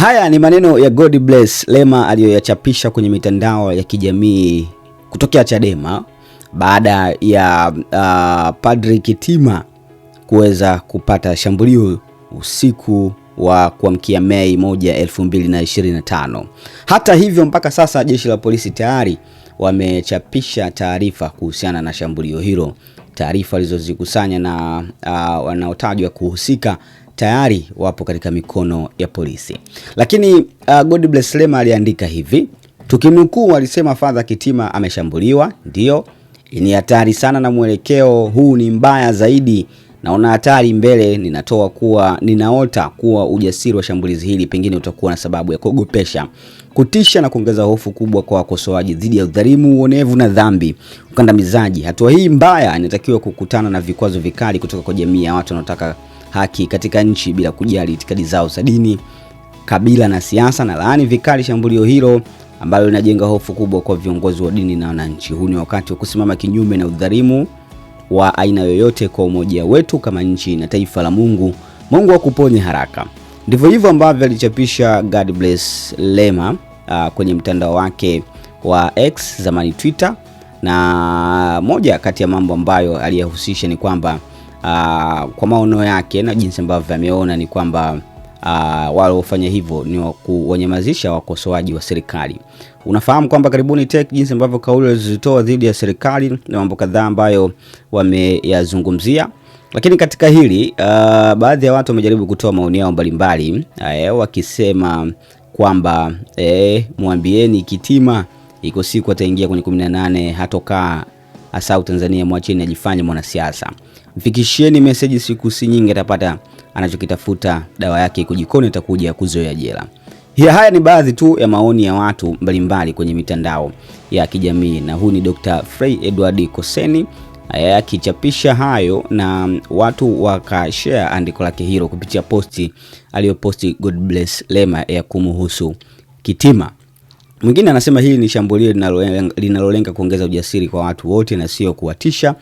Haya ni maneno ya God Bless Lema aliyoyachapisha kwenye mitandao ya kijamii kutokea Chadema baada ya uh, Padri Kitima kuweza kupata shambulio usiku wa kuamkia Mei 1225 Hata hivyo mpaka sasa jeshi la polisi tayari wamechapisha taarifa kuhusiana na shambulio hilo, taarifa alizozikusanya na uh, wanaotajwa kuhusika tayari wapo katika mikono ya polisi. Lakini uh, bless Lema aliandika hivi tukinukuu, alisema Father Kitima ameshambuliwa, ndio ni hatari sana, na mwelekeo huu ni mbaya zaidi, naona hatari mbele. Ninatoa kuwa ninaota kuwa ujasiri wa shambulizi hili pengine utakuwa na sababu ya kuogopesha, kutisha na kuongeza hofu kubwa kwa wakosoaji dhidi ya udhalimu, uonevu na dhambi, ukandamizaji. Hatua hii mbaya inatakiwa kukutana na vikwazo vikali kutoka kwa jamii ya watu wanaotaka haki katika nchi bila kujali itikadi zao za dini, kabila na siasa, na laani vikali shambulio hilo ambalo linajenga hofu kubwa kwa viongozi wa dini na wananchi. Huu ni wakati wa kusimama kinyume na udhalimu wa aina yoyote kwa umoja wetu kama nchi na taifa la Mungu. Mungu akuponye haraka. Ndivyo hivyo ambavyo alichapisha God bless Lema uh, kwenye mtandao wake wa X zamani Twitter, na moja kati ya mambo ambayo aliyahusisha ni kwamba uh, kwa maono yake na jinsi ambavyo ameona ni kwamba Uh, ah, waliofanya hivyo ni kuwanyamazisha wakosoaji wa serikali. Unafahamu kwamba karibuni TEC jinsi ambavyo kauli walizozitoa dhidi ya serikali na mambo kadhaa ambayo wameyazungumzia, lakini katika hili uh, baadhi ya watu wamejaribu kutoa maoni yao mbalimbali uh, wakisema kwamba eh, mwambieni Kitima iko siku ataingia kwenye 18 hatokaa, hasa Tanzania, mwacheni ajifanye mwanasiasa. Mfikishieni meseji, siku si nyingi atapata anachokitafuta, dawa yake iko jikoni, atakuja kuzoea jela. Ya haya ni baadhi tu ya maoni ya watu mbalimbali mbali kwenye mitandao ya kijamii, na huu ni Dr. Frey Edward Koseni eh, akichapisha hayo na watu wakashea andiko lake hilo kupitia posti aliyoposti God bless Lema ya kumuhusu Kitima. Mwingine anasema hili ni shambulio linalolenga kuongeza ujasiri kwa watu wote na sio kuwatisha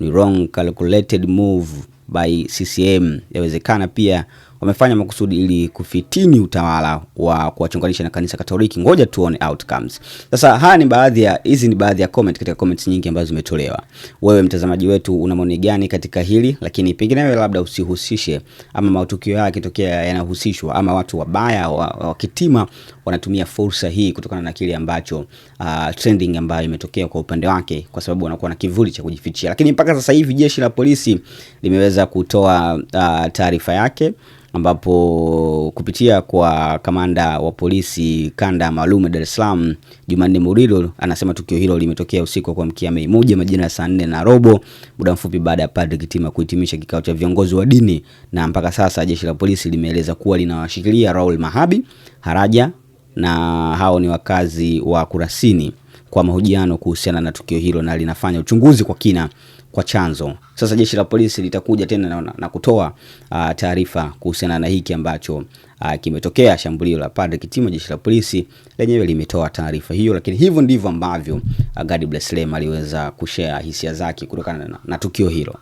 ni wrong calculated move by CCM. Yawezekana pia wamefanya makusudi ili kufitini utawala wa kuwachunganisha na kanisa Katoliki. Ngoja tuone outcomes. Sasa haya ni baadhi ya hizi ni baadhi ya comment katika comments nyingi ambazo zimetolewa. Wewe mtazamaji wetu una maoni gani katika hili? Lakini pengine wewe labda usihusishe ama matukio haya yakitokea yanahusishwa ama watu wabaya wa kitima wanatumia fursa hii kutokana na kile ambacho uh, trending ambayo imetokea kwa upande wake, kwa sababu wanakuwa na kivuli cha kujifichia. Lakini mpaka sasa hivi jeshi la polisi limeweza kutoa uh, taarifa yake ambapo kupitia kwa kamanda wa polisi kanda maalum Dar es Salaam Jumanne Murilo anasema tukio hilo limetokea usiku wa kuamkia Mei moja majira ya saa nne na robo, muda mfupi baada ya Padre Kitima kuhitimisha kikao cha viongozi wa dini, na mpaka sasa jeshi la polisi limeeleza kuwa linawashikilia Raul Mahabi Haraja na hao ni wakazi wa Kurasini kwa mahojiano kuhusiana na tukio hilo na linafanya uchunguzi kwa kina kwa chanzo. Sasa jeshi la polisi litakuja tena na, na, na kutoa uh, taarifa kuhusiana na hiki ambacho uh, kimetokea shambulio la Padre Kitima. Jeshi la polisi lenyewe limetoa taarifa hiyo, lakini hivyo ndivyo ambavyo uh, Gadi Blesslem aliweza kushare hisia zake kutokana na, na tukio hilo.